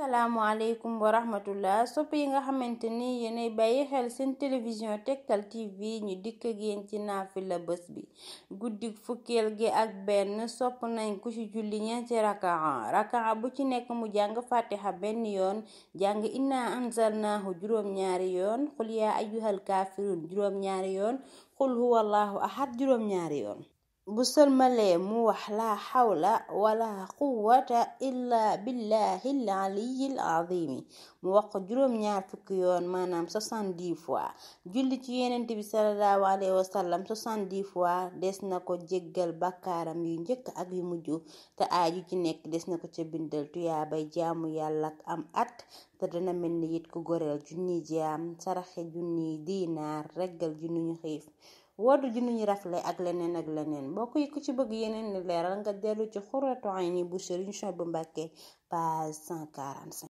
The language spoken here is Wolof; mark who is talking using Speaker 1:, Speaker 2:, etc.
Speaker 1: asalaamualeykum wa rahmatullah sopp yi nga xamante ni yéenay bàyyi xel seen télévision Tektal TV ñu dikk ak yéen ci naafila bés bi guddi fukkeel gi ak benn sopp nañ ku ci julli ñeenti rakaa rakaa bu ci nekk mu jàng fatiha benn yoon jàng inna anzalnaahu juróom-ñaari yoon xul yaa ayyuhal kaafiruun juróom-ñaari yoon xul huwallahu ahad juróom-ñaari yoon bu sëlmalee mu wax laa xawla wala quwata illa billahi aliyil azimi mu wax ko juróom-ñaar fukki yoon maanaam 70 fois julli ci yenent bi salallahu alayhi wasallam 70 fois des na ko jéggal bakkaaram yu njëkk ak yu mujj te yu ci nekk des na ko ca bindal tuyaabay jaamu yàlla ak am at te dana mel ni it ku goreel junniy jaam saraxe junniy diinaar reggal junni ñu xiif woddu junni ñu rafle ak leneen ak leneen mbokk yi ku ci bëgg yeneen ni leeral nga dellu ci xuratu ayni bu Sëriñ Suhaybu Mbàkke page
Speaker 2: 145